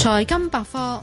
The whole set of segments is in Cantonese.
財金百科，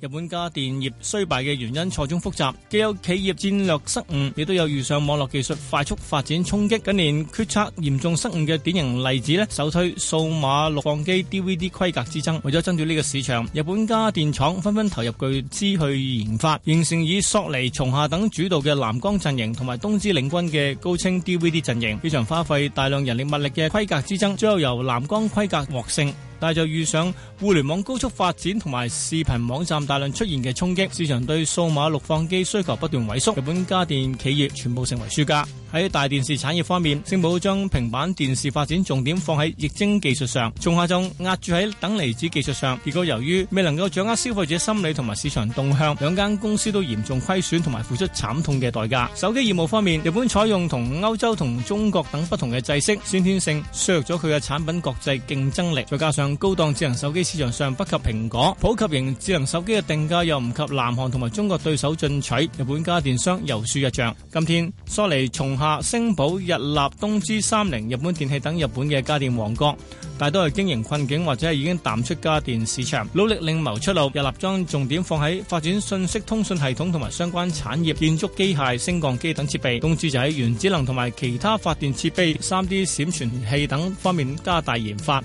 日本家電業衰敗嘅原因錯綜複雜，既有企業戰略失誤，亦都有遇上網絡技術快速發展沖擊。近年決策嚴重失誤嘅典型例子咧，首推數碼錄放機 DVD 規格之爭。為咗爭奪呢個市場，日本家電廠紛紛投入巨資去研發，形成以索尼、松下等主導嘅藍光陣營，同埋東芝領軍嘅高清 DVD 陣營。呢場花費大量人力物力嘅規格之爭，最後由藍光規格獲勝。但就遇上互聯網高速發展同埋視頻網站大量出現嘅衝擊，市場對數碼錄放機需求不斷萎縮，日本家電企業全部成為輸家。喺大電視產業方面，聲寶將平板電視發展重點放喺液晶技術上，松下仲壓住喺等離子技術上。結果由於未能夠掌握消費者心理同埋市場動向，兩間公司都嚴重虧損同埋付出慘痛嘅代價。手機業務方面，日本採用同歐洲同中國等不同嘅制式，先天性削弱咗佢嘅產品國際競爭力。再加上高檔智能手機市場上不及蘋果，普及型智能手機嘅定價又唔及南韓同埋中國對手進取，日本家電商又輸一仗。今天索尼從下、星寶、日立東芝、三菱、日本電器等日本嘅家電王國，大多係經營困境或者已經淡出家電市場，努力另謀出路。日立將重點放喺發展信息通訊系統同埋相關產業、建築機械、升降機等設備，東芝就喺原子能同埋其他發電設備、3D 閃存器等方面加大研發。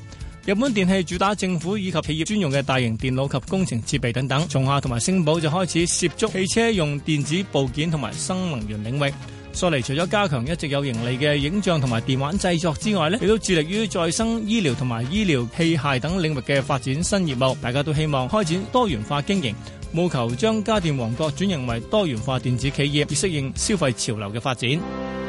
日本電器主打政府以及企業專用嘅大型電腦及工程設備等等，松下同埋星寶就開始涉足汽車用電子部件同埋新能源領域。索尼除咗加強一直有盈利嘅影像同埋電玩製作之外咧，亦都致力於再生醫療同埋醫療器械等領域嘅發展新業務。大家都希望開展多元化經營，務求將家電王國轉型為多元化電子企業，以適應消費潮流嘅發展。